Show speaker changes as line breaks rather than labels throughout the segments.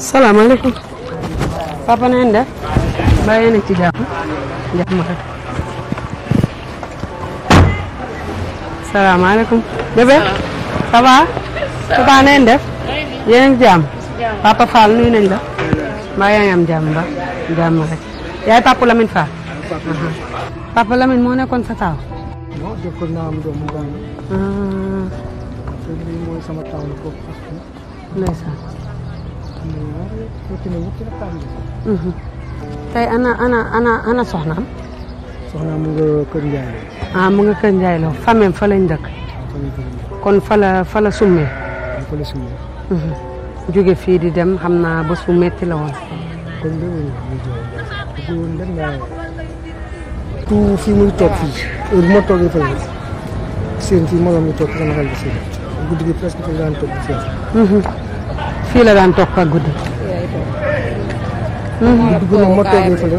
salaamaaleykum papa na ngeen def mbaa yéen a ci jàmm jàmm rek salaamaaleykum bébé papa na ngeen def yéen a ngi jàmm papa Fall nuyu la mbaa yaa ngi am jàmm ba jàmm rek yaay papa papa Lamine moo nekkoon sa taaw
jëkkër naa am doom ah. mu Mhm.
tey ana ana ana ana soxnaam. soxnaam mu nga Kër Ndiaye ah, Lo. fa lañ dëkk. kon fa la fa la mhm. fii di dem xam naa bés bu metti la woon. kon
dégg fii muy toog fii heure bu ma fii moroom mi toog fii la daan toog mhm. fii la daan toog ak guddi.
guddi gu ne
ma toogee fële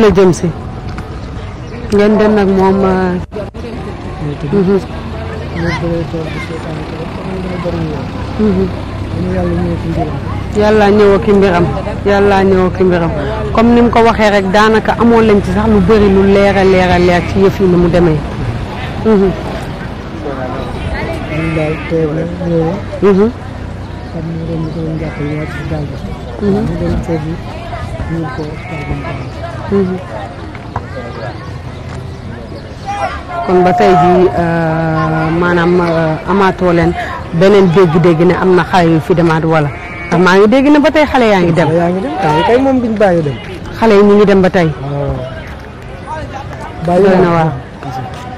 la jëm si.
ngeen nag moom.
ñu
yàlla ñëw ak mbiram yàlla ñëw ak comme ni mu ko waxee rek daanaka amoon lañ ci sax lu bëri lu leer a leer a ci yëf yi ni mu demee. Mhm.
ñun daal
kon ba tey jii
euh, maanaam euh, amaatoo leen beneen dégg-dégg ne am na xale yu fi demaat wala. maa ngi dégg na ba tey xale yaa ngi dem. yaa ngi dem ah, kay moom biñ bàyyi dem. xale yi ngi
dem ba tey. waaw. Ah. doy na waar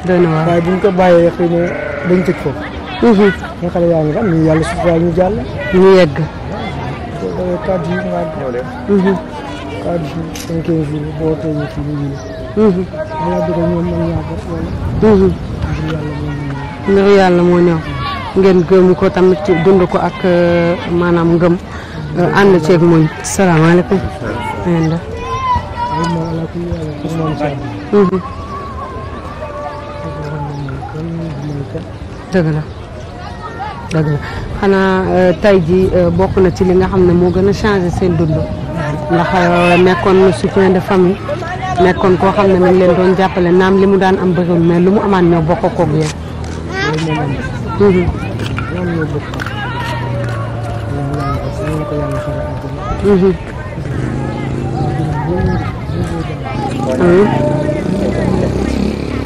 doy na waar ko bàyyee xëy na dañ tëj ko. ñu mhm. xale yàlla suturaal ñu jàll. ñu yegg.
yàlla moo gëm ko tamit dund ko ak euh, maanaam ngëm. ànd ceeg muñ salaamaaleykum na
ngeen def
dëgg la dëgg la xanaa euh, tey ji euh, bokk na ci li nga xam ne moo gën a changé seen dund ndax euh, nekkoon na soutien de famille nekkoon ko xam ne mi leen doon jàppale naam li mu daan am bëriwul mais lu mu amaat ñoo bokk
koog yéen ñu ngi ko yàlla xaral àjjana. dëgg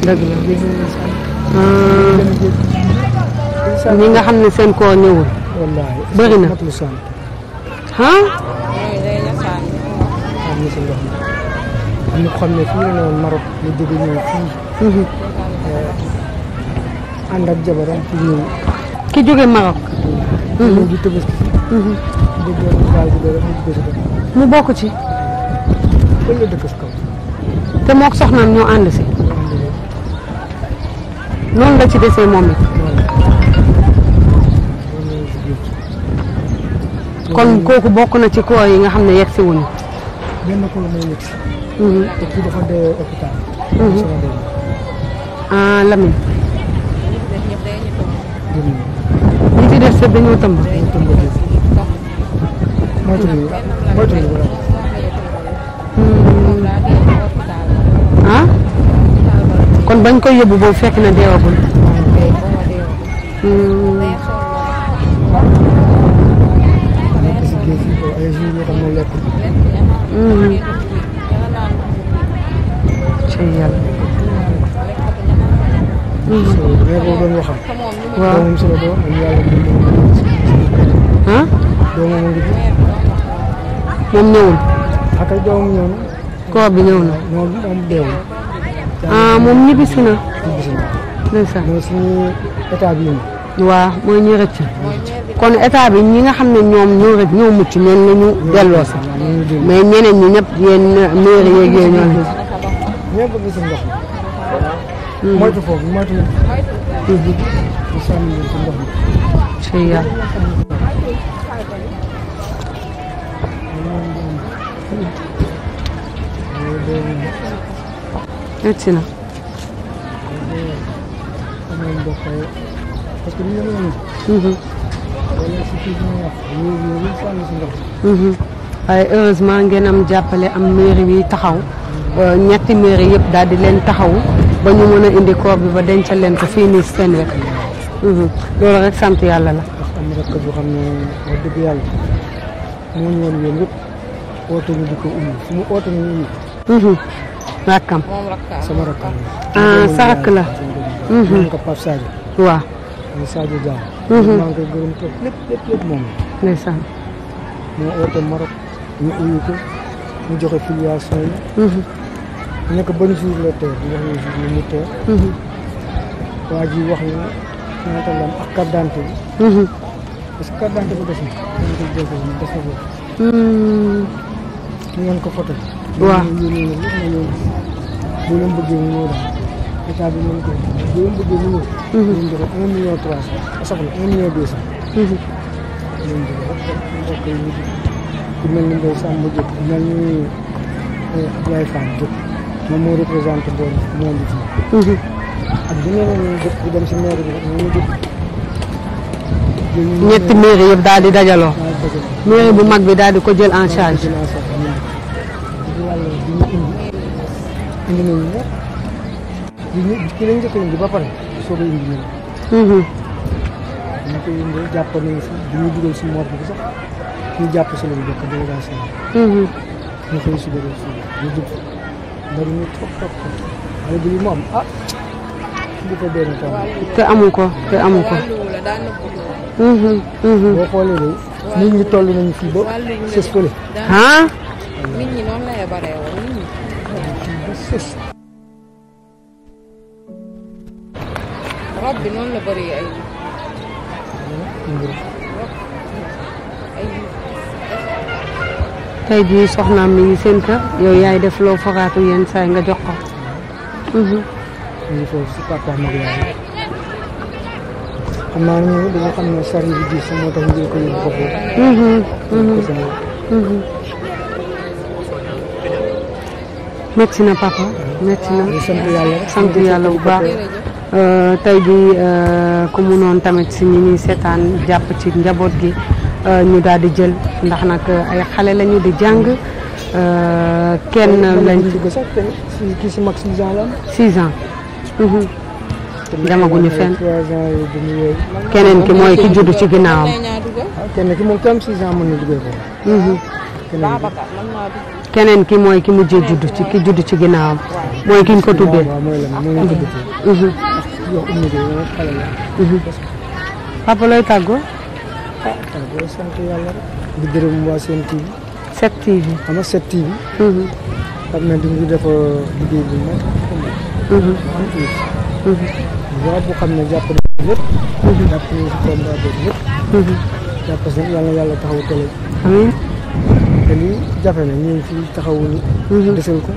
la. ñi nga xam ne seen koo ñëwul. bëri na. ah. ñu xam ne fii la newoon Maroc ñu jóge ñëw fii. ànd ak jabaram pour ñëw. ki jóge Maroc. ñu ngi tëbaski. Mhm. mu bokk ci. te mook soxnaam
ñoo ànd si. noonu la ci desee moom it. kon kooku bokk na ci koo yi nga xam ne yegg si wuñu.
benn koo mooy yegg si.
Mhm. te kii dafa dee hôpital. Mhm. Ah, ci des dañoo tëmb. moytuñu moytuñu
ah kon bañ koy yóbbu boobu fekk na deewagul.
ci yàlla. waaw. ah. doomu mu ngi fi. moom bi ñëw na. moom moom deewul. ah moom ñibbisi na. ñibbisi na. ndeysaan
ñi nga xam ne ñoom ñoo rëcc ñoo mucc ñu delloo si. mais ñeneen ñi ñëpp yéen maire yeeg yéen ñoo ñu
hmm. hmm. sànni si ndox mi.
egsi na waaye heureusement ngeen am jàppale am mairie bi taxaw euh, ñetti mairie yépp daal di leen taxaw ba ñu indi corps bi ba dencal leen ko
fii nii seen mhm. loolu rek sant yàlla la am Mhm. rakkam sama rakkam ah sa rakk la moom mhm. ko Pape Sadio waaw mooy Sadio Dia mhm. maa ngi koy gërëm toog lépp lépp lépp moom ndeysaan moo oote Maroc ñu uyu ko mu joxe filiation yi nekk ban jour la teer wax ñu jour la mu teer waa ji wax ñu ñaata lam ak carte d'identité bi parce que carte d'identité bi des na des na ko foto waaw ñu ne leen am bi mën ko bu leen bëggee ñu di dajaloo. maire bu mag bi daal ko jël en charge. indi nañu ñëpp di ñu ki lañ njëkk a jàpp nañu si si morgue bi ñu jàpp si lañu bokk délégation si délai si ñu jub bari ñu trop ko amu ko te amu ko. Mhm, mhm. boo xoolee de nit ñi toll nañu fii ba sës fële. ah.
رب نون بري أيوه
tey jii soxnaam mi yi seen kër yow yaay def loo fagaatu yenn saay nga jox ko. Mhm. ñu métti na papa métti na sant yàlla bu baax euh, tey jii euh, ku mu noonu tamit si ñi ñuy seetaan jàpp ci njaboot gi euh, ñu daal di jël ndax nag ay xale lañu di jàng kenn lañ
ci si mag six ans la
six ans demaguñu mhm.
keneen ki mooy ki juddu ci ginnaawam ah, keneen ki moom tam six keneen ki mooy ki mujjee judd
ci ki judd ci ginnaawam mooy ki ñu ko tuddee.
papa looy tàggoo. ah tàggoo sant yàlla rek. di gërëm waa seen TV. 7TV xam nga na dañuy def euh, mhm. Mhm. xam ne jàpp mhm. yàlla yàlla nii jafe na ñu fi fii taxawuñu. Mhm. desul ko.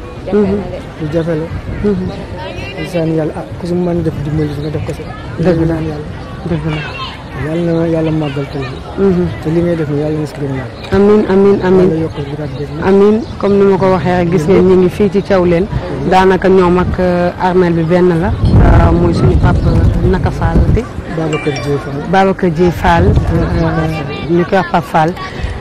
lu jafe la. Mhm. di saan yàlla ah ku si si nga def ko si. dëgg la yàlla dëgg la. yàlla na yàlla mhm. te li ngay def nii yàlla na si gën a
amiin amiin amiin amiin comme ni ma ko waxee rek gis ngeen ñu ngi fii ci caw leen. daanaka ñoom ak euh, armel bi benn la. Euh, muy suñu papa naka Fall bi. Babacar Dieye Fall Babacar Dieye Fall euh, ñu koy wax Pape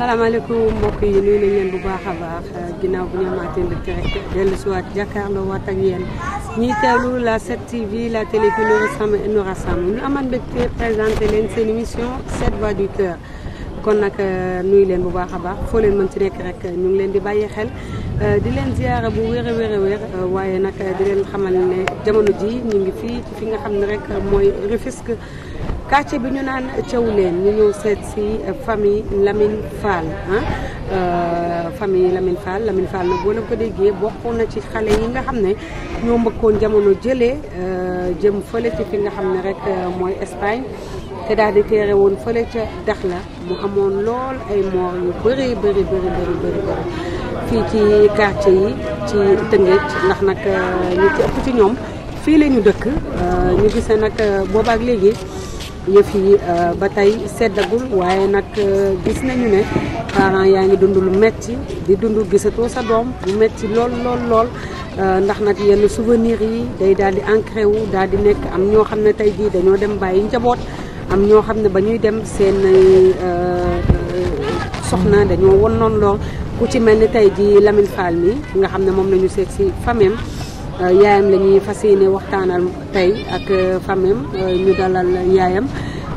salaamaaleykum mbokk yi nuyu nañ leen bu baax a baax ginnaaw bu ñu amaatee mbégte rek dellu si waat jàkkaarloo waat ak yéen ñiy teewlu la 7TV la télé qui nous rassemble et nous rassemble ñu amaat présenté leen seen émission 7 voix du cœur kon nag euh, leen bu baax a baax foo leen mën ci nekk rek ñu ngi leen di bàyyi xel euh, di leen ziyaara bu wér a wér a wér euh, waaye nag di leen xamal ne jamono ji ñu ngi fii fi nga xam ne rek mooy Rufisque quartier bi ñu naan Thiawlène ñu ñëw seet si famille Lamine Fall ah euh, famille Lamine Fall Lamine Fall nag boo leen ko déggee bokk na ci xale yi nga xam ne ñoo mbëkkoon jamono jëlee euh, jëm fële ci fi nga xam ne rek euh, mooy Espagne te daal di teere woon fële ca la mu amoon lool ay moor yu bëri bëri bëri fii ci quartier yi ci Tëngéej ndax nag ñu ci ëpp ci ñoom fii la ñu dëkk ñu gisee nag boobaak léegi yëf yi euh, ba tey seddagul waaye nag euh, gis nañu ne parents yaa ngi dund lu metti di dund gisatoo sa doom bu metti lool lool euh, ndax nag yenn souvenir yi day daal di ancré wu daal di nekk am ñoo xam ne tey jii dañoo dem bàyyi njaboot am ñoo xam ne ba ñuy dem seen soxna dañoo won noonu lool ku ci mel ni tey jii Lamine Fall mi nga xam ne moom la ñu seet si fameem Euh, yaayam la ñuy fas yéene waxtaanal tey ak euh, famem euh, ñu dalal yaayam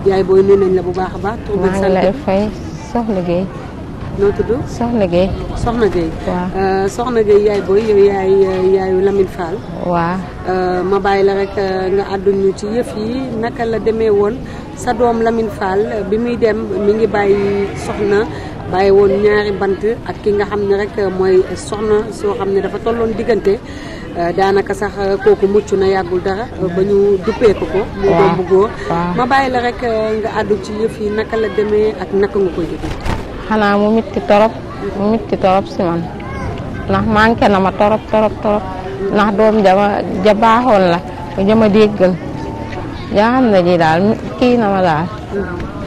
yaay booy nuyu la bu baax a baax. maa ngi lay fay soxna Guèye. noo soxna Guèye. soxna Guèye. soxna Guèye yaay booy yow yaay yaayu Lamine Fall. ma bàyyi la rek nga àdduñu ci yëf yi naka la demee woon sa doom Lamine Fall bi muy dem mi ngi bàyyi soxna. bàyyi woon ñaari bant ak ki nga xam ne rek mooy soxna soo xam ne dafa tolloon diggante Euh, daanaka sax euh, kooku mucc na yàggul dara euh, ba ñu duppee ko ko mu doom bu góor ma bàyyi la rek nga àddu ci yëf yi naka la demee ak naka nga koy jóge
xanaa mu mitti torop mu mitti torop si man ndax manqué na ma torop torop torop ndax doom jama ja baaxoon la jama déggal ja xam ne ji daal kii na ma daal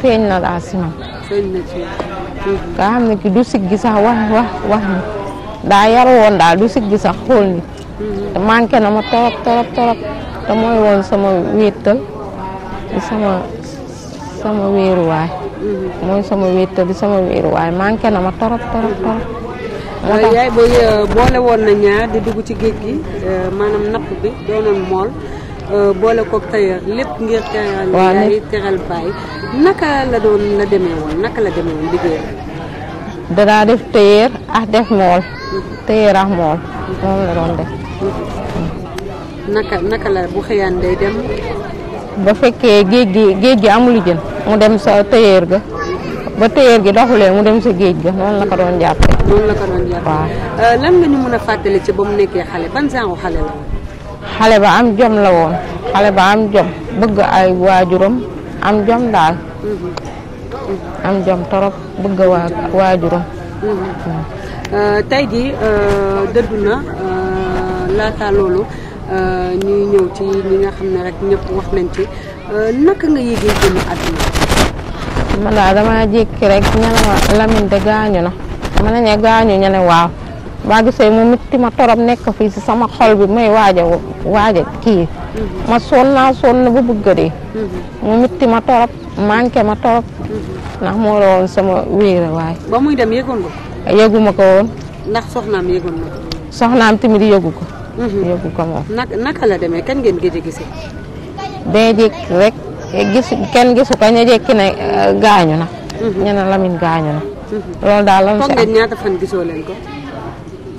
feeñ na daal si nga xam ne ki du siggi sax wax wax wax ni daa yaru daal du siggi sax xool nit te manqué na ma torop torop torop te mooy woon sama wéttal di sama sama wéeruwaay mhm. mooy sama wéttal di sama wéeruwaay manqué na ma torop torop torop euh, yaay booy euh,
boole woon na ñaar di dugg ci géej gi euh, maanaam napp bi doonoon mool boole ko tailleur lépp ngir teral yaay teral baay naka la doon la demee woon naka la demee woon liggéey
danaa def téyeer ak def mool téyeer ak mool moom la doon def.
naka naka la bu xëyaan day dem.
ba fekkee géej gi géej gi amul yi jën mu dem sa téyeer ga ba téyeer gi doxulee mu dem sa géej ga noonu la ko doon jàppee. noonu waaw.
Euh, lan nga ñu mën a fàttali ci ba mu nekkee xale xale la
xale ba am jom la woon xale ba am jom bëgg ay waajuram am jom daal. Mhm. am jom torop bëgg a waa waajuram
mm-hmm. euh, tey jii euh, dëddu na euh, laata loolu ñuy ñëw ci ñi nga xam ne rek ñëpp wax nañ ci naka nga yéegee génn àdduna man
daal dama jékki rek ñene ma Lamine gaañu na ma ne gaañu ñene waaw baa gisee mu mitti ma torop nekk fii si sama xol bi may waaj a waaj a kii mhm. ma sonn naa na ba bëgg a dee mu mhm. mitti ma torop manqué ma torop
mhm.
ndax moo la sama wéer waay
ba muy dem yëgoon ko woon ndax soxnaam yëgoon na ko
soxnaam tamit yëgu ko yëgu ko moom
naka la demee kan ngeen gëj
a gisee kenn gisu ko ñu jékki ne gaañu na ñu ne Lamine gaañu na
loolu daal la foog ngeen ñaata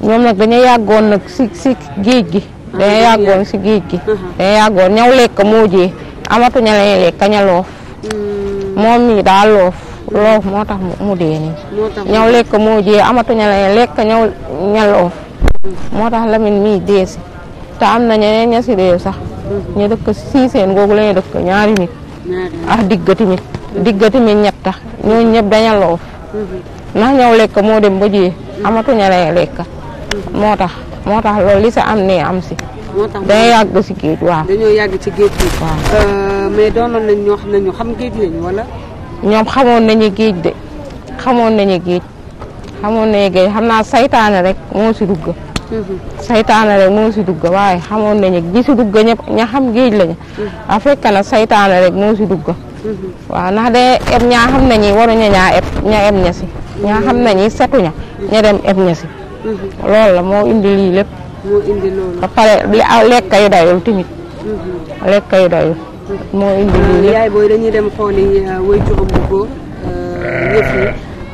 ñoom nag dañu yàggoon nag si si géej gi ah, dañu yàggoon si géej gi uh-huh. dañu ñaw lekk moo jee amatu ña lañu ña loof mm. moom mii daal loof loof moo tax mu dee ñaw lekk moo jee amatu ña lañu ña loof mm. moo tax Lamine mii dee si te am na ñeneen ña si réew sax
mm-hmm.
ñu dëkk sii seen googu lañu dëkk ñaari nit ah digga tamit mm-hmm. digga tamit ñetta ñooñu ñëpp daña loof mm-hmm. ndax ñaw lekk moo dem ba jee amatu ña lañu lekk moo tax moo tax loolu li si am ne am si. moo tax dañoo yàgg si géej waaw. dañoo
yàgg ci géej gi. waaw euh, ñu xam géej lañ wala.
ñoom xamoon nañu géej de xamoon nañu géej xamoon nañu géej xam naa saytaane rek moo si dugg. Mhm. saytaane rek moo si dugg waaye xamoon nañu ñi si dugg ñëpp ña xam géej lañu. Mhm. a fekk na saytaane rek moo si dugg. Mhm. waaw ndax de eb ñaa xam nañu waruñu ñaa eb ña eb ña si. ñaa xam nañu setuña ña dem eb ña si. Mm-hmm. loolu la moo indi lii lépp. moo indi loolu. ba pare ah, lekk yi doyul tamit.
Mm-hmm.
lekk yi doyul.
Mm-hmm.
moo indi lii lépp yaay
booy dañuy dem xooli euh, wayjuram bu góor
euh, yëf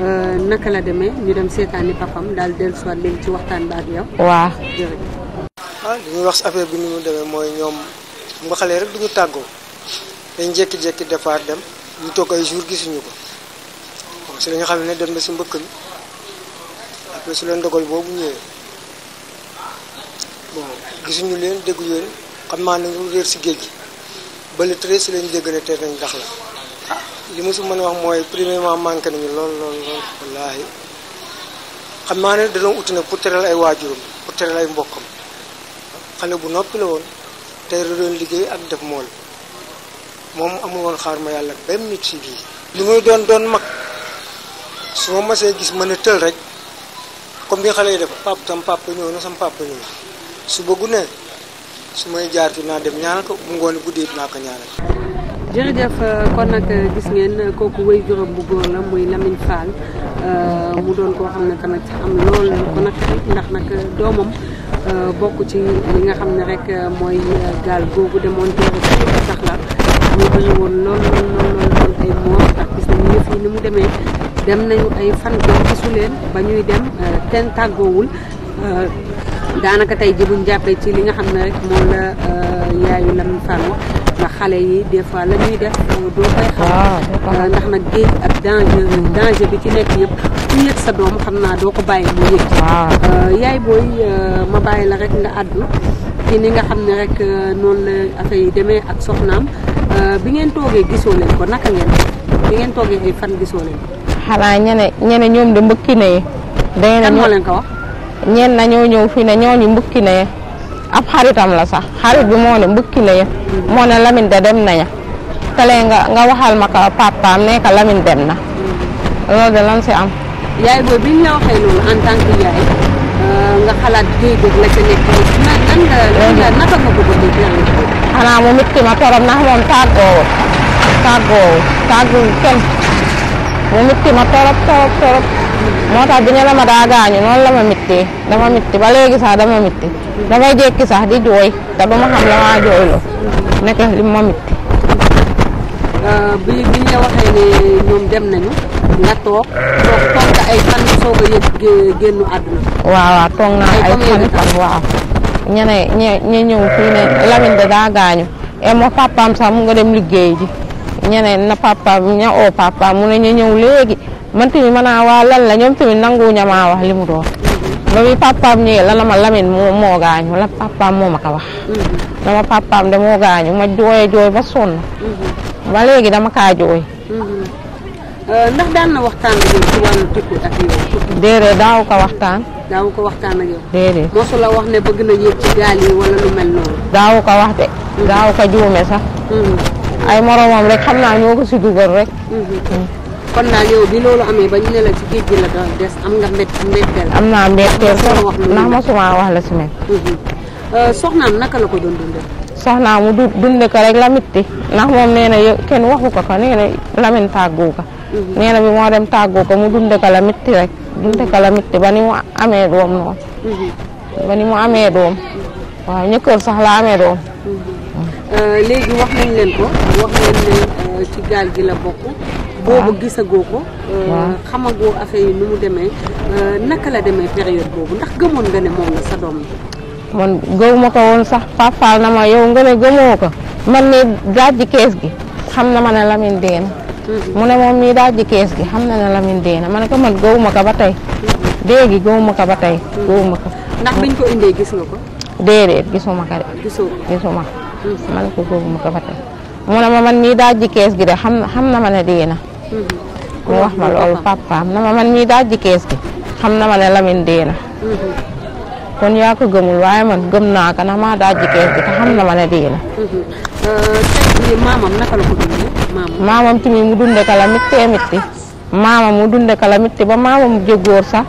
euh, naka la demee ñu dem seetaani papam ci
waxtaan ba ak yow. waaw ah, wax si affaire bi ni mu demee mooy ñoom xam nga xale rek du ñu tàggoo dañ jékki-jékki départ dem ñu toog ay jour gisuñu ko si la ñu xam ne dem na si mbëkk mi. après si la ndogal boobu ñëwee bon gisuñu leen déggu leen xam naa ne ñu réer si géej gi ba le treize si lañ dégg ne tey nañ dax la ah li ma si mën a wax mooy premièrement manqué nañu lool lool lool wallaahi xam naa ne da uti nag pour teral ay waajuram pour teral ay mbokkam xale bu noppi la woon te da doon liggéey ak def mool moom amul woon xaar ma yàlla benn nit si bii li muy doon doon mag su ma masee gis mën a tël rek comme bi xale yi def pap tam papa ñëw na sam papa ñëw su ba guddee su may jaar tuuti naa dem ñaanal ko bu ngoon guddee naa ko ñaanal.
jërëjëf kon nag gis ngeen kooku wéy juróom bu góor la muy Lamine Fall euh, mu doon koo xam ne tamit am lool ko nag ndax nag doomam euh, bokk ci li nga xam ne rek mooy gaal googu demoon teeru sax la ñu bëri woon lool lool lool ay moor ndax gis nañu yëf yi ni mu demee. dem nañu ay fan kenn gisu ba ñuy dem euh, kenn tàggoowul euh, daanaka tey ji buñ jàppee ci li nga xam ne rek moom la euh, yaayu Lamine Fall wax ndax xale yi des fois la ñuy def doo koy xam ah. ndax nag géej ak danger danger bi ci nekk yëpp ku yëg sa doom xam naa doo ko bàyyi mu yëg ah. yaay booy ma bàyyi la rek nga àddu ci ni nga xam ne rek noonu la affaire yi demee ak soxnaam bi ngeen toogee gisoo leen ko naka ngeen bi ngeen toogee ay fan gisoo leen
xanaa ñene ñene ñoom de mbëkki na yi dañu ne ñoo fii ne ñooñu mbëkki na ab xaritam la sax xarit bi moo ne mbëkki na moo ne Lamine de dem naña tale nga nga waxal ma ko papaam ne ko Lamine dem na loolu de lan si am xanaa mu mitti ma torop ndax moom tàggoo tàggoo tàggoo kenn mu mitti ma torop torop torop moo tax bi ñu la ma daa gaañu noonu la ma mittee dama mitti ba léegi sax dama mitti damay jékki sax di jooy te du ma xam la maa jooyloo nekk li ma mitti. ñu waaw waaw naa ay
fan fan waaw.
ñene ñe ñe ñëw ne Lamine da daa gaañu et eh, mo papaam sax mu nga dem liggéey ji. ñeneen na papa ña oo papa mu ne ñu ñëw léegi man tamit ma naa waa lan la ñoom tamit nanguwuñu maa wax li mu doon. ba bi papaam ñëwee la la ma Lamine moo gaañu la papaam moo ma ko wax. dama mm-hmm. papaam de moo gaañu ma jooyee jooy ba sonn. Mm-hmm. ba léegi dama kaa jooy.
Mm-hmm. Euh,
ndax daan na déedéet daaw ko
waxtaan. déedéet
mosu na yéeg ko wax de. daaw ko
juume sax. ay moromam rek xam naa ñoo ko si dugal rek.
kon daal yow bi loolu amee ba naa mbétteel sax ndax mosuma wax la si mel. Mhm. Euh, soxnaam naka la ko
mu du dund ko rek la mitti ndax moom nee na kenn waxu ko ko nee na Lamine tàggu ko. Mhm. bi moo dem tàggu ko mu dund ko la mitti rek. dund ko la mitti ba ni mu amee doom noonu.
Mhm.
ba ni mu amee doom. waaw ñëkkal sax amee doom.
Euh, léegi wax nañ leen ko wax leen euh, ci gaal gi la bokk. boobu gisagoo ko. Euh, yi nu mu demee naka la demee période boobu ndax gëmoon nga ne moom la sa doom la.
man gëw ko woon sax papaal na ma yow nga ne gëmoo ko man mii dajji kees gi xam na ma ne Lamine dee na.
Mm-hmm. mu ne moom
mii dajji kees gi xam na ne Lamine dee na ma ne ko man gëw ma ko ba tey. dee mm-hmm. gi ko ba tey. Mm-hmm. gëw ko.
ndax biñ ko indee gis nga ko.
déedéet gisuma ko de. gisuma ko. ma ne ko mu ko ma man mii daa ji gi de xam na ma ne na
mm-hmm. mu wax ma loolu
papaam na ma man mii daa ji gi xam na ma ne Lamine dee na
mm-hmm.
kon yaa ko gëmul waaye man gëm naa ko na maa daa ji gi te xam na ma ne dee na
mm-hmm.
euh, tey maamam naka la mu
dunde ka la mittee mitti maamam mu dunde ka la mitti ba maamam jógóor sax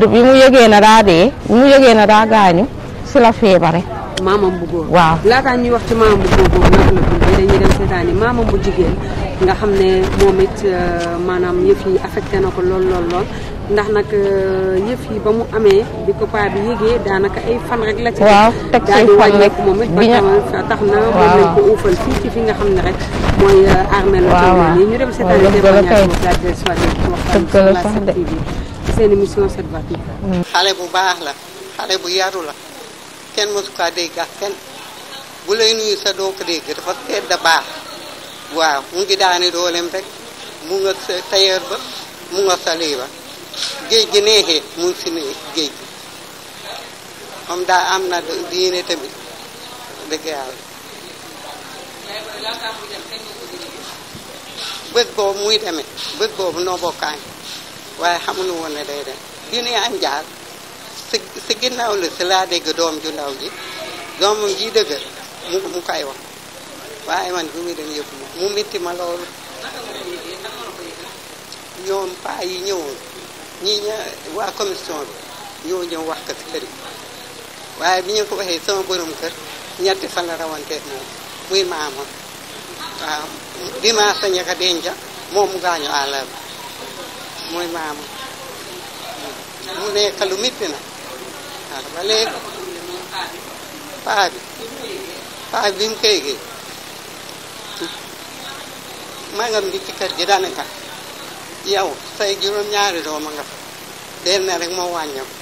mu yëgee na daa dee bi mu yëgee na daa gaañu si la feebare
maamam bu góor waaw laataa ñuy wax ci maamam bu góor boobu naka bu jigéen nga xam ne moom it euh, maanaam yëf yi affecté na ko lool lool lool ndax nag euh, yëf yi ba mu amee bi ko paa bi yëgee daanaka ay fan rek la ci waaw teg ci moom it ba tax na moom lañ ko uufal fii ci fi nga xam ne rek mooy euh, armée la yi ñu dem seetaani témoignage boobu daal di soirée waxtaan ci la 7TV seen émission 7 voix
xale bu baax la xale bu yaru la kenn mosu kaa dégg ak kenn bu lay nuyu sa doo ko dégg dafa teel da baax waaw mu ngi daani doolem rek mu nga sa tailleur ba mu nga sa lii ba géej gi neexee mu ngi si géej gi moom daa am na diine tamit dëgg yàlla bët boobu muy demee bët boobu noo bokkaañ waaye xamuñu woon ne day dem diine am jaar sa sa ginnaaw la si laa dégg doom ju ndaw ji doomam ji dëgër mu mu koy wax waaye man bu muy dem yëpp mu métti ma loolu ñoom paa yi ñëwoon ñii ña waa commission bi ñoo ñëw wax ko si kër waaye bi ñu ko waxee sama borom kër ñetti fan la rawanteeg moom muy maama waaw bi maa sañ a ko denca moom mu gaañu àll mooy maama mu nekk lu métti na xaar ba léegi bi mu koy yëgee magam bi ci kër gi daanaka yow say juróom-ñaari doom a nga fa benn rek moo wàññeeku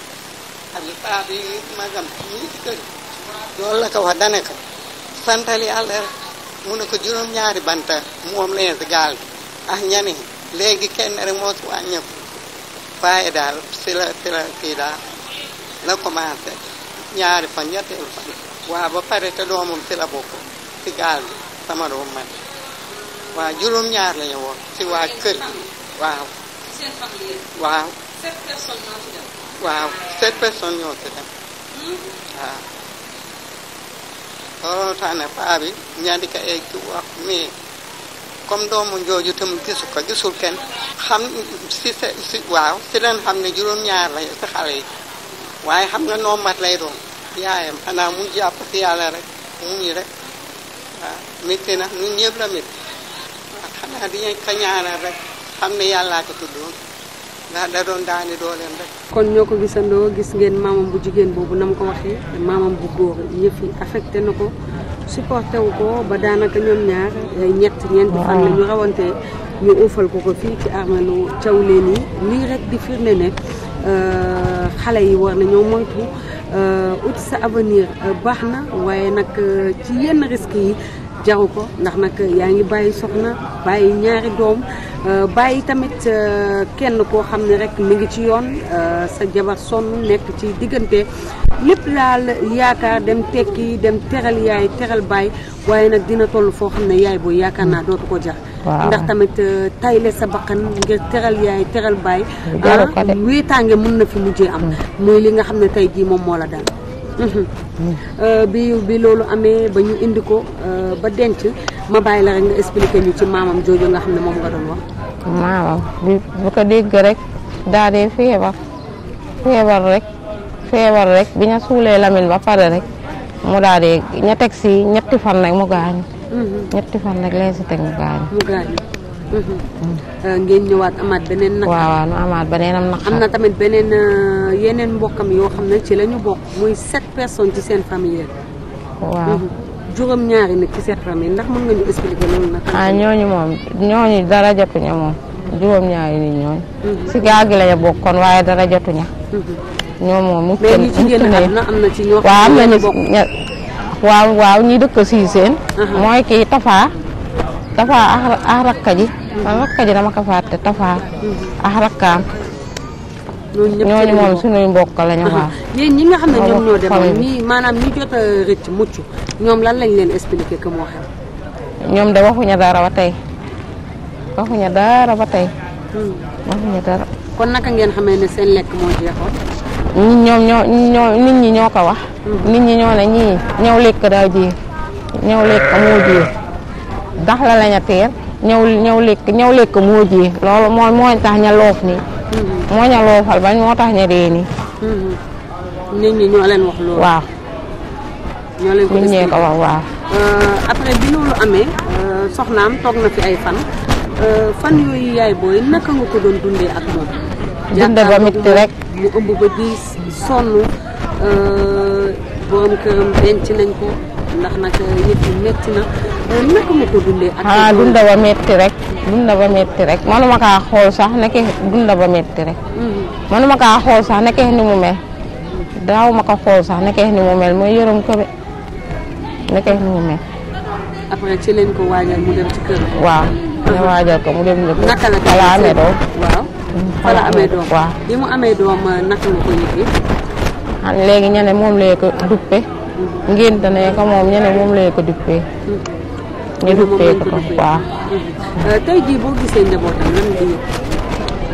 xam nga ci kër loolu la ko wax daanaka santali yàlla rek mu ne ko juróom-ñaari banta moom leen si gaal bi ak ñani léegi kenn rek moo si wàññeeku waaye daal si la si la kii daal la commencé ñaari fan ñetti fan waa ba pare te doomam si la bokk si gaal bi sama doom man waa juróom-ñaar la woon si waa kër gi waaw waaw waaw sept personnes ñoo si dem waaw hmm? bi ñaari ka eeg ci wax mais comme doomu si si leen xam ne juróom-ñaar la si xale yi waaye xam nga nombat lay doon yaayam xanaa mu jàpp ci yàlla rek mu ñu rek waaw métti na ñun ñëpp la métti xam ne yàllaa ko tuddoon ndax da doon daani dooleem rek
kon ñoo ko gisandoo gis ngeen maamam bu jigéen boobu na mu ko waxee maamam bu góor yëf yi affecté na ko supporté ko ba daanaka ñoom ñaar eh, ñett ñeenti fan la ñu rawante ñu uufal ko ko fii ci armelu Thiawlène yi lii rek di firnde ne xale yi war nañoo moytu euh, ut sa avenir euh, baax na waaye nag euh, ci yenn risques yi jaru ko ndax nag yaa ngi bàyyi soxna bàyyi ñaari doom euh, bàyyi tamit euh, kenn koo xam ne rek mu ngi ci yoon euh, sa jabar sonn nekk ci diggante lépp daal yaakaar dem tekki dem teral yaay teral baay waaye nag dina toll foo xam ne yaay booy yaakaar naa dootu ko jar ndax tamit tayle sa bakkan ngir teral yaay teral baay ah, wéetaange mën na fi mujjee am mm. muy li nga xam ne tey jii moom moo la dal Euh, bi bi loolu amee ba ñu indi ko euh, ba denc ma bàyyi la rek nga expliquer ñu ci maamam jooju nga xam ne moom nga doon wax.
maamam bu ko dégg rek daa dee feebar feebar rek feebar rek bi ñu suulee Lamine ba pare rek mu daa dee ña teg si ñetti fan rek mu gaañu. Mm-hmm. ñetti fan rek lee si teg
mu gaañu. Euh, ngeen ñëwaat amaat beneen naqar. waaw am naqar. am na tamit beneen euh, yeneen mbokkam yoo xam ne ci la ñu bokk muy sept personnes ci seen famille waaw mhm. juróom ñaari nag ci seen famille
ñu ah, dara jotuñu moom juróom ñaari nit si mhm. gaal gi la bokkoon waaye dara jotuñu. Mhm. ñoom moom mu mais ci génn am na am na ci ñoo xam ne waaw waaw ñi dëkk sii seen. mooy kii Tafa Tafa ak rakka ji. man rakka ji dama ko fàtte Tafa
mm.
ak ah, rakkaam
ñooñu moom
suñuy mbokk lañu waaw
yéen ñi nga xam ne ñoom ñoo maanaam ñi jot mucc ñoom lan lañ leen expliqué que moo xew
ñoom de waxuñu dara ba tey waxuñu dara ba tey mm. waxuñu dara
kon naka ngeen xam ne seen lekk moo jeexoon
ñoom ñoo ñi ñoo ko wax mm. nit ñi ñoo ne ñii ñëw lekk daa ji ñëw lekk moo ji ndax la lañu teer ñaw ñëw lekk ñëw lekk moo ji loolu moo mm-hmm. moo tax ña loof nii. moo ña loofal bañ moo tax ña dee nii.
Mm-hmm.
nit ñi ñoo leen wax loolu. waaw. ñoo ko nit ñee ko wax waaw. Euh, après bi loolu amee euh, soxnaam toog na fi ay fan. Euh, fan yooyu yaay booy naka nga ko doon dundee ak moom. dund ba métti rek mu ëmb ba diis ko. ndax nag euh, yëf yi euh, ah, dunda ba
metti rek. dunda ba métti rek manuma kaa xool sax nekkee dunda ba métti rek. Mm-hmm. manuma kaa xool sax ni mu mel. daaw ma xool sax nekkee ni mu mel mooy yërëm ko be ni mu mel.
waaw nga waajal ko mu dem ci naka la ko doom waaw fa mu amee doom euh, naka ah, la ko yëgee
léegi ñene moom lee duppe ngénte ne ko moom ñene moom lay ko duppee
ñu duppee ko waaw euh, tey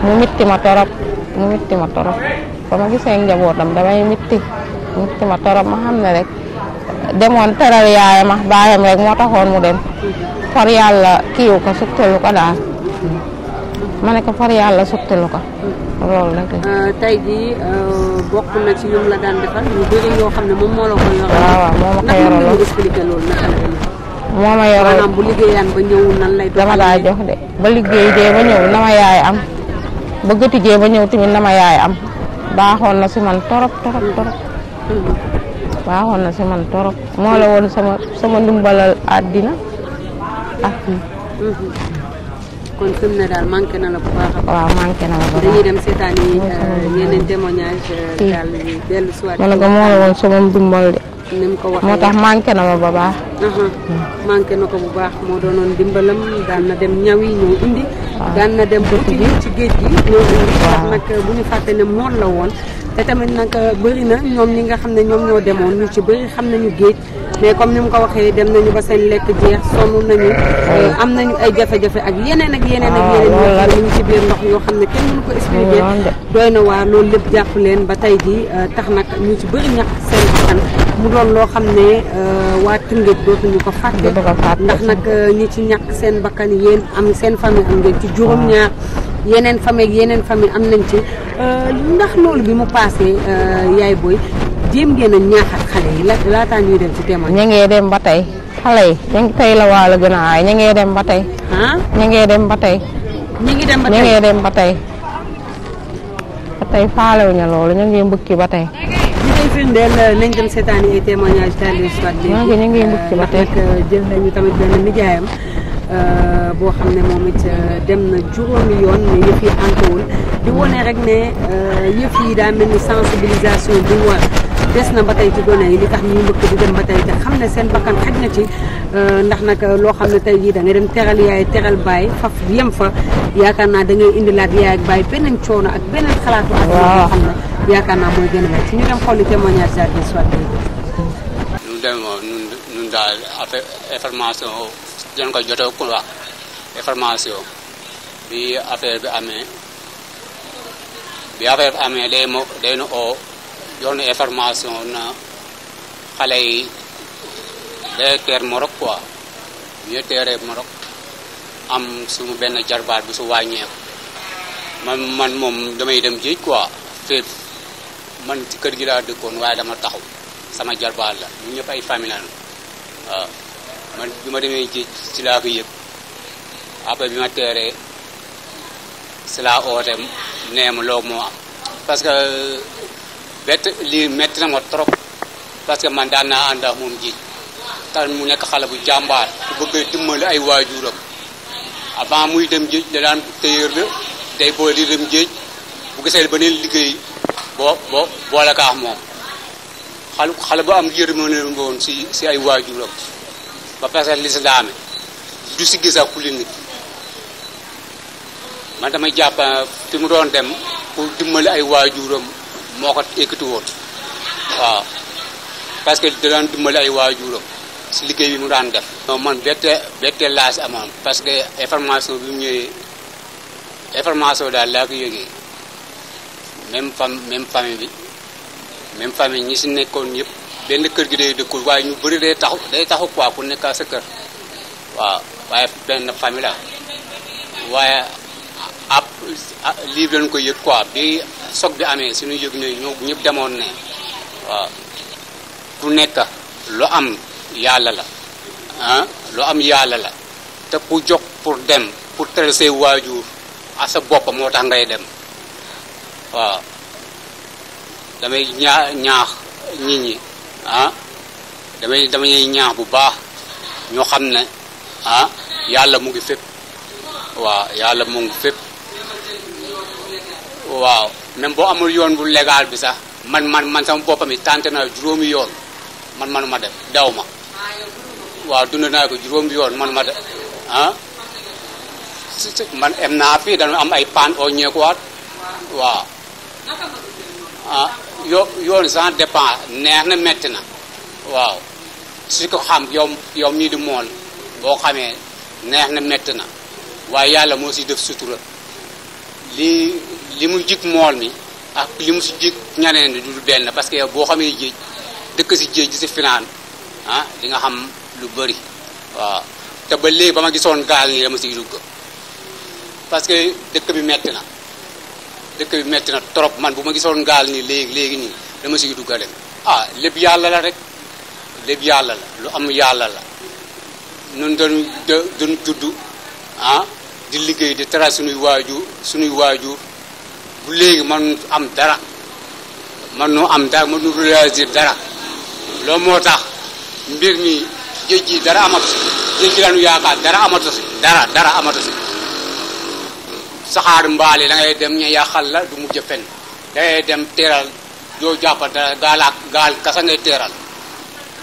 mu mitti ma torop mu mitti ma torop ba ma gisee njabootam damay mitti mitti ma torop ma xam ne rek demoon teral yaayam ak baayam rek moo taxoon mu dem far yàlla kiiw ko suktalu ko daal ma ne ko far yàlla suktalu ko loolu la
kay. Euh, tey jii euh, bokk na ci ñoom la daan defal ñu bëri ñoo xam ne moom moo la ko yor. waaw ah, waaw moo ma ko yoraloon loolu
moo ma yoraloon dama daa jox de ba liggéey jee ba ñëw na ma yaay am ba gëti jee ba ñëw tamit na ma yaay am baaxoon na si man torop torop hmm. torop. Hmm. baaxoon na si man torop moo la woon sama sama ndimbalal àddina
ak. Hmm. kon fi mu ne daal manqué na la bu baax a baax.
waaw manqué na la bu baax dem
seetaan yi euh, yeneen témoignage euh, daal dellu soir. ma ne ko moo la ko moo tax manqué
na ma bu baax.
manqué na ko bu baax moo doonoon dimbalam daan na dem ñawi ñoo indi. daan na dem ba ci géej gi ñoo indi. waaw nag bu ñu fàtte ne mool la woon. te tamit nag bëri na ñoom ñi nga xam ne ñoom ñoo demoon ñu ci bëri xam nañu géej. mais comme ni mu ko waxee dem nañu ba seen lekk jeex sonn nañu euh, am nañu ay jafe-jafe ak yeneen ak yeneen ak ah, yeneen ñu ci biir ndox yoo xam ne kenn na waar loolu lépp jàpp leen ba tey ji euh, tax nag ñu ci bëri ñàkk doon loo xam ne euh, waa Tëngéej dootuñu ko fàtte ndax nag ñi ci ñàkk seen bakkan yéen am seen famille ci juróom ah. yeneen famille yeneen famille am nañ ci ndax loolu bi mu paasee yaay booy jéem ngeen a ñaaxal xale yi laataa ñuy dem ci témoin.
ña dem ba tey xale yi ña tey dem ba tey. dem ba tey. dem ba tey dem ba tey. ba tey faalewuñu loolu ña ngee mbukki ba ñu
koy firndeel nañ dem seetaani ay témoignages ñu ngi mbukki ba tey Euh, boo xam ne moom it euh, dem na juróomi yoon ne yëf yi ànkawul di wone rek ne euh, yëf yi daa mel ni sensibilisation bi war des na ba tey ci gone yi li tax ñuy mbëkk di dem ba tey te xam ne seen bakkan xaj na ci ndax nag loo xam ne tey jii da ngay dem teral yaay teral baay faf yem fa yaakaar naa da ngay indilaat yaay ak baay beneen coono ak beneen xalaatu ak yoo xam ne yaakaar naa mooy gën a ci ñu dem xool li témoignage daal soit ñun
dem doon ko ku wax information bi affaire bi amee bi affaire bi amee day mo day nu oo jox nu information na xale yi day teer Maroc quoi ñu teeree Maroc am suñu benn jarbaat bi su wàññeek man man moom damay dem géej quoi fépp man ci kër gi laa dëkkoon waaye dama taxaw sama jarbaat la ñu ñëpp ay famille la waaw man bi ma demee ci ci laa ko yëg après bi ma teeree si laa oote neem loog moo am parce que bett lii metti na ma trop parce que man daan naa ànd moom ji tax mu nekk xale bu jàmbaar ku bëgg dimbali ay waajuram avant muy dem géej da daan téyër la day boole di dem géej bu gisee beneen liggéey boo boole kaax moom xale bu am yërmande woon si si ay waajuram ba pese lislaame du si gis ak kuli nit man damay jàpp fi mu doon dem pour dimbali ay waajuram moo ko ekkati woon waaw parce que da doon dimbali ay waajuram si liggéey bi mu daan def. non man bette bette laa si amoon parce que information bi mu ñëwee information daal laa ko yëgee même fam même famille bi même famille ñi si nekkoon yëpp. benn kër gi day dëkkul waaye ñu bëri day taxu day taxu quoi ku nekk sa kër waaw waaye benn famille waaye ab lii lañ ko yëg quoi bi soog bi amee suñu yëg ne ñoo ñëpp demoon ne waaw ku nekk lu am yàlla la ah lu am yàlla la te ku jox pour dem pour tere say waajur a sa bopp moo tax ngay dem waaw damay ñaax nit ñi ah damay damay ñaax bu baax ñoo xam ne ah yàlla mu ngi waaw yàlla mu ngi waaw même boo amul yoon bu légal bi sax man man man sama boppam it tànte naa juróomi yoon man manuma def daw ma waaw dund naa ko juróomi yoon manuma def ah man em naa fii dañu am ay paan oo ñeekuwaat waaw ah yo yoon sans dépend neex na metti na waaw su ko xam yow yow mii di mool boo xamee neex na metti na waaye yàlla moo si def sutura li li mu jik mool mi ak li mu si jik ñaneen ni du benn parce que boo xamee géej dëkk si géej di si finaan ah di nga xam lu bëri waaw te ba léegi ba ma gisoon gaal nii dama siy dugg parce que dëkk bi metti na dëkk bi metti na trop man bu ma gisoon gaal nii léegi léegi nii dama siy dugg a dem ah lépp yàlla la rek lépp yàlla la lu am yàlla la nun dañu dañu ah di liggéey di tara suñuy waajur suñuy waajur bu léegi man am dara man nu am dara man nu réagir dara loo moo tax mbir mi géej gi dara amatu si géej gi lañu yaakaar dara amatu si dara dara amatu si saxaar mbaali da ngay dem ñu yàqal la du mujj fenn da ngay dem teeral doo jàppal dara gaal ak gaal kasa ngay teeral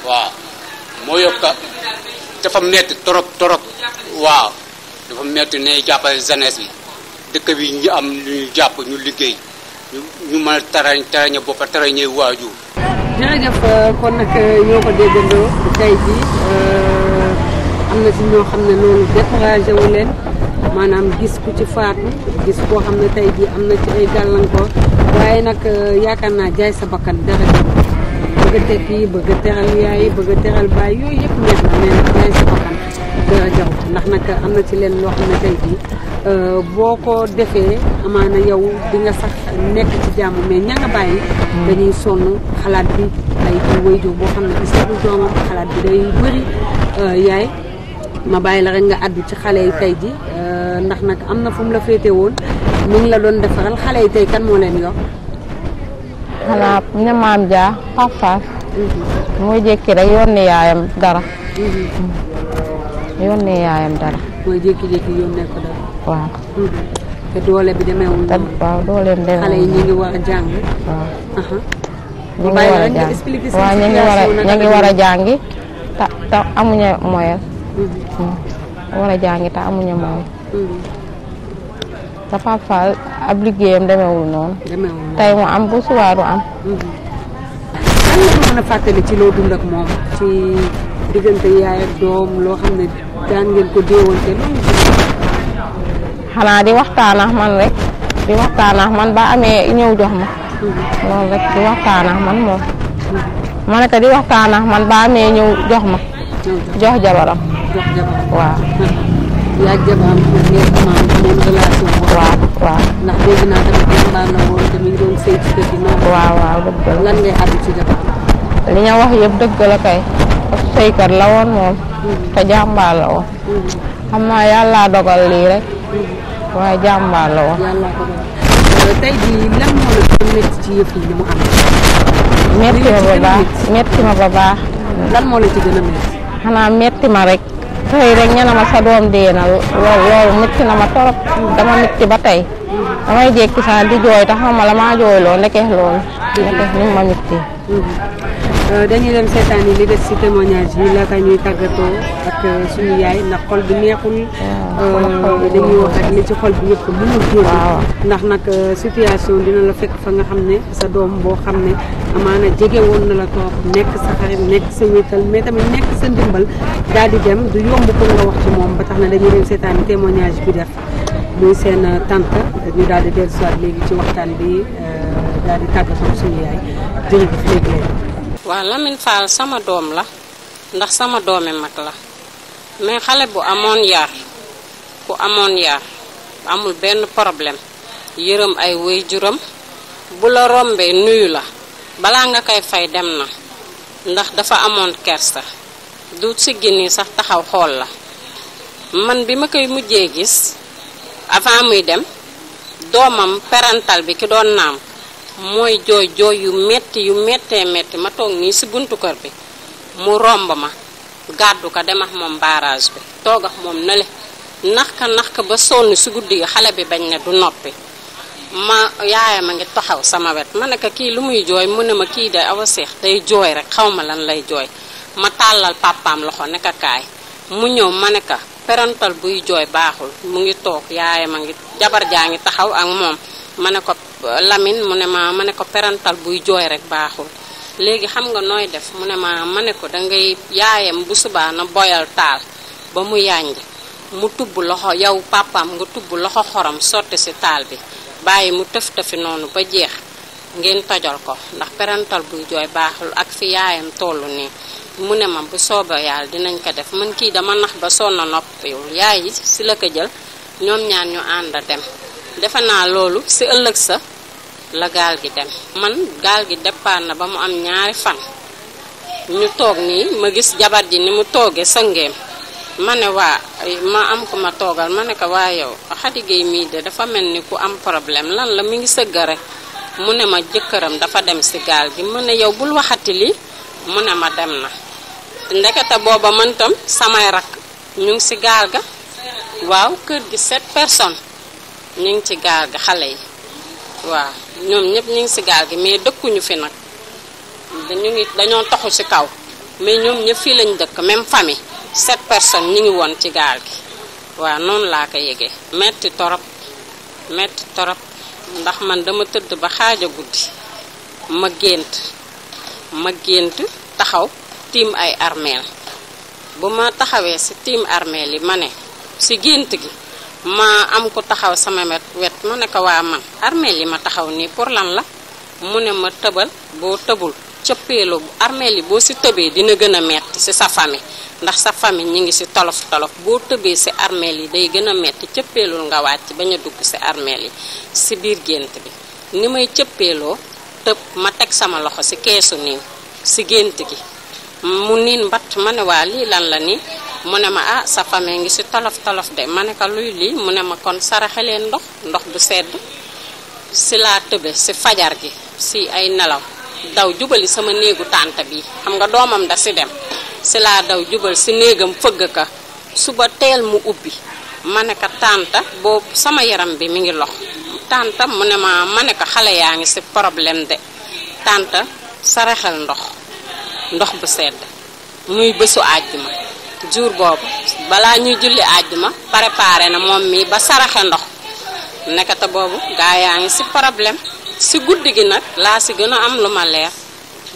waaw moo yokka dafa metti torop torop waaw dafa metti ne jàppale jeunesse bi dëkk bi ñu am lu ñu jàpp ñu liggéey ñu ñu mën tarañ tarañe boppa tarañe waajur
jërëjëf euh, kon nag euh, ñoo ko déggandoo tey bi euh, am na ci ñoo xam ne loolu découragé wu leen maanaam gis ku ci faatu gis koo xam ne tey jii am na ci ay gàllankoor waaye nag euh, yaakaar naa jaay sa bakkan dara yëpp neex na mais nag jaay jaw ndax nag am na ci leen loo xam ne tey jii euh, boo ko defee amaana yow di nga sax nekk ci jàmm mais ña nga bàyyi mm. dañuy sonn xalaat bi ay waajur day bëri euh, yaay ma bàyyi la rek nga àddu ci xale yi tey ji ndax nag am na fu la féete woon mu la doon defaral xale yi tey kan moo leen yor.
xanaa ne maam Dia mhm. mooy jékki rek yónnee yaayam dara.
Mhm. Mhm.
yónnee yaayam dara.
mooy jékki-jékki yónnee ko dara. waaw. dooleem demeewul
xale yi ñu a
jàng. waaw.
ñu ngi war a jàng waaw ñu jàngi te te amuñu moyen. jàngi te amuñu moyen.
te mm-hmm.
Pape ab
liggéeyam demewul noonu.
tey
mu am bu suwaaru am.
Mm-hmm. ci loo ci diggante
xanaa di waxtaan ak man rek di waxtaan man ba amee ñëw jox ma. Mm-hmm. loolu rek di waxtaan ak man moom. ma ne di waxtaan man ba amee ñëw jox ma.
jox jabaram jox yaa waaw waaw. waaw waaw dëgg
li nga wax yëpp dëgg la kay. parce que la woon moom. Mm-hmm. te jàmbaar la woon. Mm-hmm. xam naa yàlla dogal lii rek. Mm-hmm. waaye jàmbaar la woon. yàlla ma ba baax métti ma ba baax. xanaa métti ma rek. xëy rek ñu ma sa doom dee na loolu loolu métti na ma torop dama métti ba tey damay jékki saa di jooy te xam ma la maa jooy loo ndeke loolu ndeke ni ma métti
Euh, dañuy dem seetaan yi li des ci témoignage yi laata ñuy tàggatoo ak euh, suñu yaay ndax xol bi neexul. Ah. Euh, dañuy wax ak li ci xol bi yëpp mënul jóg. ndax nag situation dina la fekk fa nga xam ne sa doom boo xam ne amaana jege woon na la toog nekk sa xarit nekk sa wéetal mais tamit nekk sa ndimbal daal di dem du yomb ko nga wax ci moom ba tax na dañuy dem seetaan yi témoignage bi def muy seen tante ñu daal di dellusiwaat léegi ci waxtaan bi daal di tàggatoo suñu
waaw Lamine Fall sama doom la ndax sama doomi mag la mais xale bu amoon yar ku amoon yar amul benn problème yërëm ay waajuram bu la rombee nuyu la balaa nga koy fay dem na ndax dafa amoon kersa du siggi nii sax taxaw xool la man bi ma koy mujjee gis avant muy dem doomam perantal bi ki doon naam mooy jooy jooy yu metti yu mettee metti ma toog nii si buntu kër bi mu romb ma gàddu ko dem ak moom barrage bi toog ak moom nale nax nax ba sonn si guddi xale bi bañ ne du noppi ma yaayam a ngi taxaw sama wet ma ne kii lu muy jooy mu ne ma kii day awa seex day jooy rek xaw ma lan lay jooy ma tàllal papaam loxo ne mu ñëw ma ne ko parental buy jooy baaxul mu ngi toog yaayam a jabar jaa ngi taxaw ak moom ma ne ko Lamine mu ne ma ma ne ko parental buy jooy rek baaxul léegi xam nga nooy def mu ne ma ma ne ko dangay yaayam bu subaana boyal taal ba mu yànj mu tubb loxo yow papaam nga tubb loxo xorom sotti si taal bi bàyyi mu tëf tëfi noonu ba jeex ngeen tojal ko ndax parental buy jooy baaxul ak fi yaayam tollu nii mu ne ma bu sooba yàlla dinañ ko def man kii dama nax ba sonn noppiwul yaay si la ko jël ñoom ñaan ñu ànd a dem defe naa loolu si ëllëg sa la gaal gi dem man gaal gi départ na ba mu am ñaari fan ñu toog nii ma gis jabar ji ni mu toogee sëngeem ma ne waa ma am ku ma toogal ma ne ko waa yow Khady Gueye mii de dafa mel ni ku am problème lan la mi ngi sëgga rek mu ne ma jëkkëram dafa dem si gaal gi mu ne yow bul waxati li mu ne ma dem na ndekete booba mëntam tam samay rak ñu ngi ci gaal ga waaw kër gi sept personnes ñu ngi ci gaal ga xale yi waaw ñoom ñëpp ñu ngi si gaal gi mais dëkkuñu fi nag dañu ngi dañoo taxu ci kaw mais ñoom ñëpp fii lañ dëkk même famille sept personnes ñu ngi woon ci gaal gi waaw noonu laa ko yëgee metti torop metti torop ndax man dama tëdd ba xaaja guddi ma gént ma gént taxaw tiim ay armeel bu ma taxawee si tiim armeel yi ma ne si gént gi ma am ko taxaw sama wet mu ne ko waa man armeel yi ma taxaw nii pour lan la mu ne ma tëbal boo tëbul cëppeelu armeel yi boo si tëbee dina gën a metti si sa famille ndax sa famille ñi ngi si tolof tolof boo tëbee si armeel yi day gën a metti cëppeelul nga wàcc bañ a dugg si armeel yi si biir gént bi ni may cëppeeloo tëb ma teg sama loxo ci keesu nii si gént gi mu niin mbatt ma ne waa lii lan la ni mu ne ma ah sa famille ngi si tolof tolof de ma ne ko luy lii mu ne ma kon saraxalee ndox ndox bu sedd si laa tëbe si fajar gi si ay nelaw daw jubali sama néegu tànt bi xam nga doomam da si dem si laa daw jubal si néegam fëgg ka suba teel mu ubbi ma ne ko tànta boobu sama yaram bi mi ngi lox tànta mu ne ma ma ne ko xale yaa ngi si problème de tànta saraxal ndox ndox bu sedd muy bésu àjjuma jour boobu balaa ñuy julli àjjuma préparé na moom mii ba saraxe ndox nekkata boobu gaa yaa ngi ci problème ci guddi gi nag laa ci gën a am lu ma leer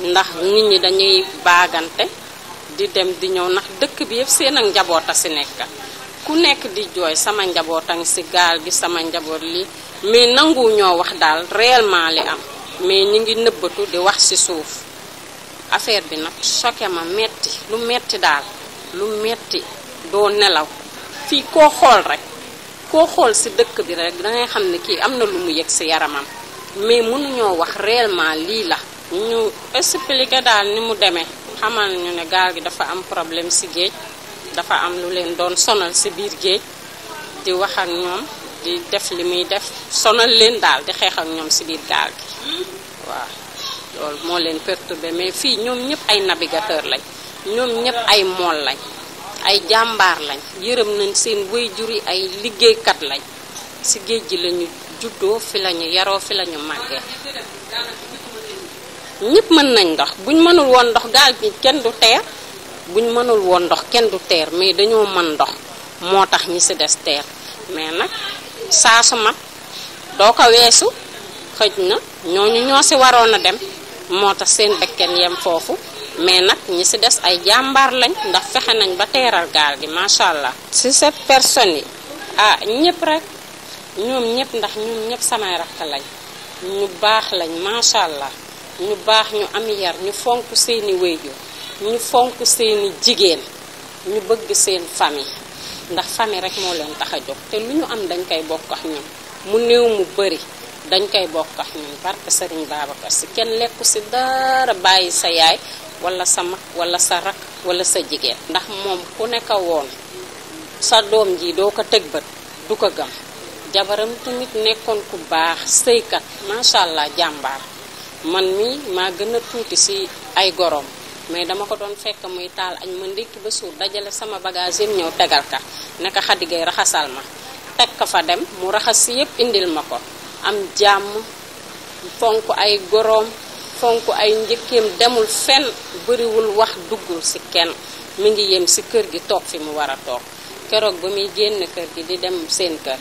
ndax nit ñi dañuy bagante di dem di ñëw nax dëkk bi yëpp seen ak njaboot a ci nekk ku nekk di jooy sama njaboota ngi ci gaal gi sama njaboot lii mais nangu ñoo wax daal réellement li am mais ñu ngi nëbbatu di wax ci suuf affaire bi nag choqué ma metti lu metti daal lu metti doo nelaw fii koo xool rek koo xool si dëkk bi rek dangay xam ne kii am na lu mu yëg si yaramam mais mu mënuñoo wax réellement lii la ñu expliqué daal ni mu demee xamal nañu ne gaal gi dafa am problème si géej dafa am lu leen doon sonal si biir géej di wax ñoom di def li muy def sonal leen daal di xeex ak ñoom si biir gaal gi waaw loolu moo leen perturbé mais fii ñoom ñëpp ay navigateur lañ ñoom ñëpp ay mool lañ ay jàmbaar lañ yërëm nañ seen waajur yi ay liggéeykat lañ si géej gi lañu juddoo fi lañu yaroo fi lañu màggee ñëpp mën nañ ndox buñ mënul woon ndox gaal bi kenn du teer buñ mënul woon ndox kenn du teer mais dañoo mën ndox moo tax ñi si des teer mais nag saa mag doo ko weesu xëj na ñooñu ñoo si waroon a dem moo tax seen bekken yem foofu mais nag ñi si des ay jàmbaar lañ ndax fexe nañ ba teeral gaal gi macha allah. si sept personnes yi ah ñëpp rek ñoom ñëpp ndax ñoom ñëpp samay rakk lañ ñu baax lañ macha allah ñu baax ñu am yar ñu fonk seeni wéyjur ñu fonk seeni jigéen ñu bëgg seen famille ndax famille rek moo leen tax a jóg te lu ñu am dañ koy bokk ak ñoom mu néew mu bëri. dañ koy bokk ak ñun barke Sëriñ Babacar si kenn lekku si dara bàyyi sa yaay wala sa mag wala sa rak wala sa jigéen ndax moom ku nekk woon sa doom ji doo ko tëg bët du ko gëm jabaram tamit nekkoon ku baax sëykat macha allah jàmbaar man mi maa gën a tuuti si ay gorom mais dama ko doon fekk muy taal añ ma ndékki ba suur dajale sama bagage yëpp ñëw tegal ka neka xadigay raxasal ma teg ko fa dem mu raxas si yëpp indil ma ko am jàmm fonk ay goroom fonk ay njëkkeem demul fenn bëriwul wax duggul ci kenn mu ngi yem ci kër gi toog fi mu war a toog keroog ba muy génn kër gi di dem seen kër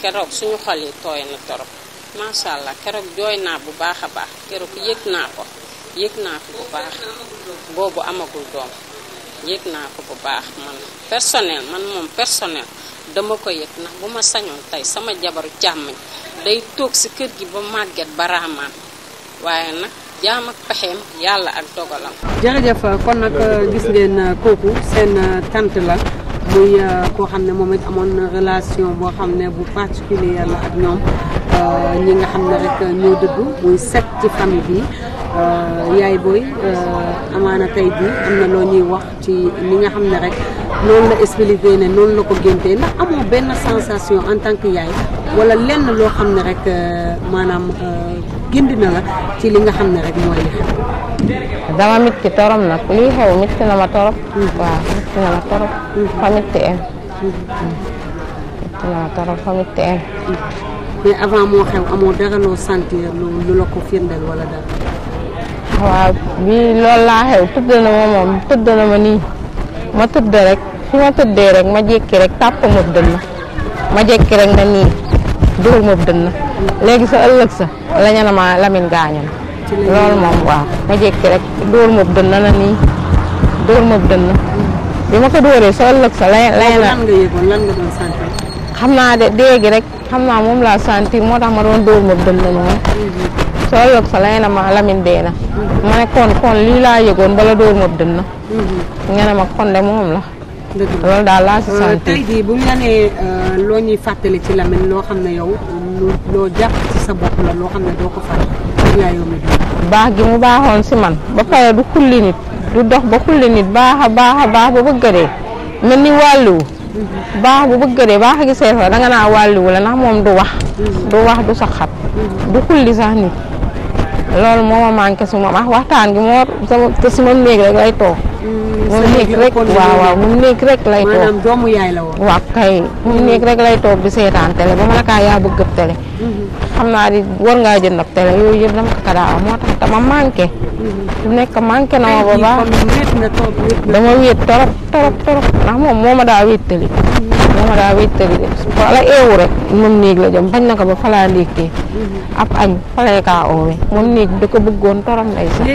keroog suñu xol yi tooy na torop macha allah keroog jooy naa bu baax a baax keroog yëg naa ko yëg naa ko bu baax boobu amagul doom yëg naa ko bu baax man personnel man moom personnel dama ko yëg ndax bu ma sañoon tey sama jabaru càmmañ day toog si kër gi ba màgget ba waaye nag jaam ak pexeem yàlla ak dogalam.
jërëjëf kon nag euh, gis ngeen euh, kooku seen euh, tante la muy koo xam ne moom it amoon relation boo xam ne bu particulier la ak ñoom. Euh, ñi nga xam ne rek ñoo dëgg set ci famille bi euh, yaay booy euh, amaana tey bi am na loo ñuy wax ci li nga xam ne rek noonu la expliqué ne noonu la ko géntee ndax amoo benn sensation en tant que yaay wala lenn loo xam ne rek maanaam génd na la ci li nga xam ne rek mooy dama mitti torop na ma torop mitti mm-hmm. mm-hmm. mm-hmm.
na ma torop fa mitti en mitti na ma torop fa mitti en
mais avant moo xew amoo
waaw bii loolu laa xew tëdd ma moom tëdd ma nii ma tëdd rek fi ma tëddee rek ma jékki rek tàpp moof dënn ma jékki rek na nii dóor moof dënn léegi sa ëllëg sa lañu na ma Lamine gaañu moom waaw ma jékki rek dóor moof na nii dóor moof bi ma ko dóoree sa ëllëg sa lañu xam naa de dégg rek xam naa moom laa sentir moo tax ma doon dóor ma dënd noonu soo yog sa lay na ma Lamine dee na ma ne kon kon lii laa yëgoon bala dóor ma dënd na ma kon moom la loolu daal laa si euh,
sentir bu nga euh, loo ñuy fàttali ci jàpp ci sa bopp la loo xam ne doo ko fàttali
baax gi mu baaxoon si man ba pare du xulli nit du dox ba xulli nit baax a baax a baax ba bëgg dee mel ni wàlluwu baax bu bëgg dee baax a seet la danga naa wàlliwu la ndax moom du wax mm-hmm. du wax du saxat du xulli sax nit loolu moo ma manqué su ma wax waxtaan gi moo sama te su néeg rek lay toog moom mm-hmm. néeg rek waaw waaw moom néeg rek lay toog maanaam yaay la woon waaw kay moom néeg rek lay toog di seetaan télé ba ma la kaa yaa bëgg télé mm-hmm. xam naa di war ngaa jënd ab télé yooyu yëpp dama ko kadaawa moo tax dama manqué su nekk manqué na ma ba baax dama wéet torop torop ndax moom moo ma daa wéttali
moo ma daa wéttali
la eewu rek moom néeg la jëm bañ na ko ba falaa ndékkee mm-hmm. ab añ falee kaa oowe moom néeg da ko bëggoon torop nday sax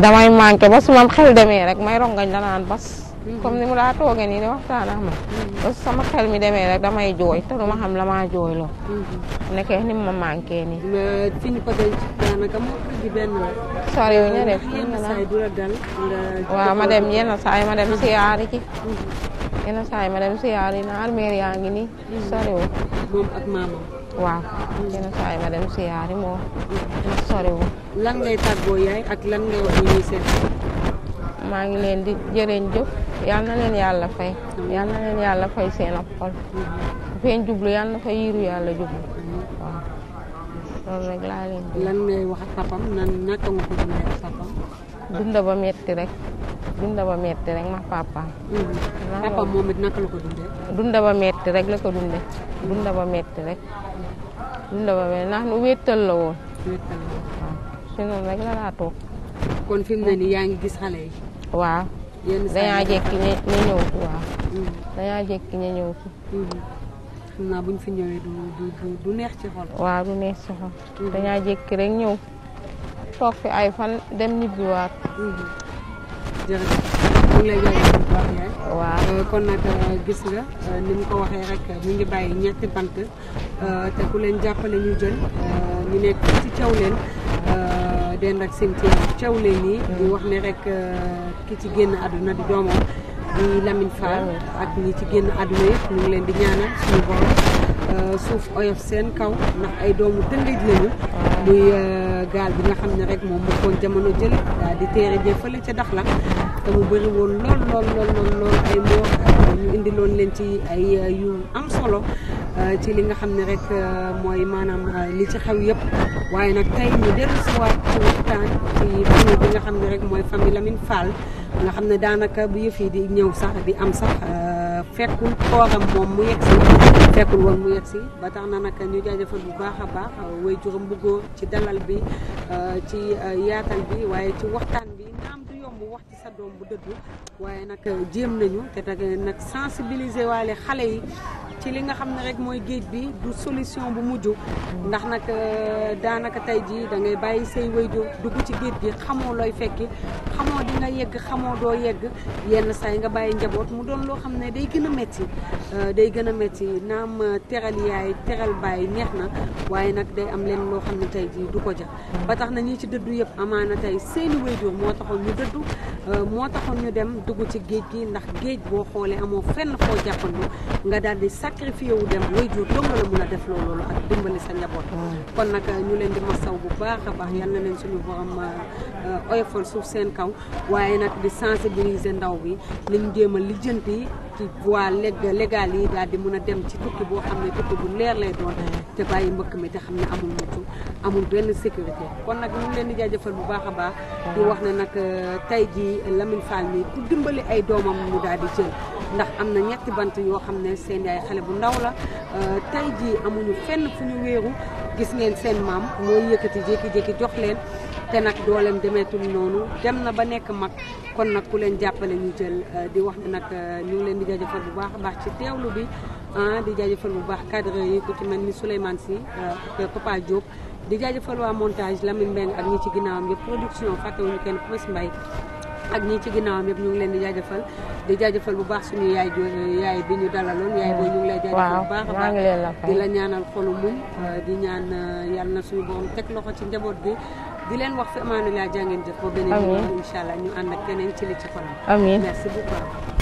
damay manqué ba su ma xel demee rek may rongañ danaan bas Mm-hmm. comme ni mu daa toogee nii di waxtaan ak man mm-hmm. ba sama xel demee rek damay jooy te du ma xam la maa jooy loo mm-hmm. nekkee ni mu ma manqué nii mais fi ñu ko ma dem siyaari ci na armeer yaa ngi nii sori wu moom ak maamam ma dem siyaari moo sori wu maa ngi leen di jërëñ jëf yal na leen yàlla fay yal na leen yàlla fay seen ab xol feen jublu yal na fa yiiru yàlla jublu waaw loolu rek laa leen di lan ngay wax ak papam nan naka nga ko dundee ak papam dunda ba metti rek dunda ba metti rek ma papa
mm-hmm. papa moom it naka la ko dundee
dunda ba metti rek la ko dundee dunda ba metti rek dunda ba metti ndax nu wéttal la woon
wéttal la woon waaw si noonu rek la daa toog kon fi mu ne nii yaa ngi gis xale yi waaw dañaa jekki ñu ñëw fi waaw mm. dañaa jekki ñu ñëw fi mm-hmm. xam naa buñ fi ñëwee du neex ci xol waaw
du neex ci xol mm-hmm. dañaa jekki rek ñëw
toog fi ay fan dem ñibbi waat mm-hmm. waaw euh, kon nag euh, gis nga euh, ni mu ko waxee rek mu ngi bàyyi ñetti bant te ku leen jàppale ñu jël ñu nekk ci caw leen. dend ak cimetière caw leen yi di wax ne rek euh, ki ci génn àdduna di doomam di Lamine Fall ak ñi ci génn àdduna yëpp ñu ngi leen di ñaanal euh, suuf oyof seen kaw ndax ay doomu tëngëj lañu muy euh, gaal bi nga xam ne rek moom mokkoon jamono jële daal di teere jee fële ca dax la te mu bëri woon lool lool lool ay moor ñu indi loon leen ci ay yu am solo Euh, ci li nga xam ne rek euh, mooy maanaam euh, li ci xew yëpp waaye nag tey ñu dellu si waat waxtaan ci famille bi nga xam ne rek mooy famille Lamine Fall nga xam ne daanaka bu yëf yi di ñëw sax bi am sax fekkul kooram moom mu yegg fekkul woon mu yegg si ba tax na nag ñu jaajëfal bu baax a baax way juróom ci dalal bi ci yaatal bi waaye ci waxtaan
bi naam du yomb wax ci sa doom bu dëddu
waaye nag euh, jéem nañu te nag euh, nag sensibiliser waale xale yi ci li nga xam ne rek mooy géej bi du solution bu mujj ndax nag euh, daanaka tey jii dangay bàyyi say wayjur dugg ci géej gi xamoo looy fekki xamoo di yegg xamoo doo yegg yenn saa yi nga bàyyi njaboot mu doon loo xam ne day gën a métti day gën a métti naam teral yaay teral bàyyi neex na waaye nag day am leen loo xam ne tey jii du ko ja ba tax na ñi ci dëddu yëpp amaana tey seeni wayjur moo taxoon ñu dëddu Euh, moo taxoon ñu dem dugg ci géej gi ndax géej boo xoolee amoo fenn foo jàppandu nga daal di sacrifié wu dem way jur dong la mun a def loolu ak dimbali sa njaboot. kon nag euh, ñu leen di saw bu baax a baax yal na leen suñu borom euh, oyofal suuf seen kaw waaye nag di sensibiliser ndaw bi nañ jéem a yi ci voie légale yi daal di mën a dem ci tukki boo xam ne tukki bu leer lay doon te bàyyi mbëkk mi te xam ne amul mucc amul benn sécurité kon nag ñu leen di jaajëfal bu baax a baax di wax ne nag euh, tey jii Lamine Fall mi ku dimbali ay doomam mu daal di jël ndax am na ñetti bant yoo xam ne seen ay xale bu ndaw la euh, tey ji amuñu fenn fu ñu wéeru gis ngeen seen maam mooy yëkkati jékki-jékki jox leen te nag demee demeetul noonu dem na ba nekk mag kon nag ku leen jàppale ñu jël euh, di wax ne nag euh, ñu ngi leen di jaajëfal bu baax a baax ci teewlu bi ah di jaajëfal bu baax cadre yi ku ci mel ni Souleymane Sy euh, Papa Diop di jaajëfal waa montage Lamine Mbengue ak ñi ci ginnaawam yëpp production fàttewuñu kenn ku mes mbay ak ñi ci ginnaawam yëpp ñu ngi leen di jaajëfal di jaajëfal bu baax suñu yaay jo yaay bi ñu dalaloon yaay boobu ñu ngi lay jaajëfal bu baax a baax di la ñaanal xolu muñ di ñaan yal na suñu borom teg loxo ci njaboot bi di leen wax fi amaanu laa jàngeen jëf ba beneen yoon incha allah ñu ànd ak keneen ci li ci xolam.
amiin merci beaucoup.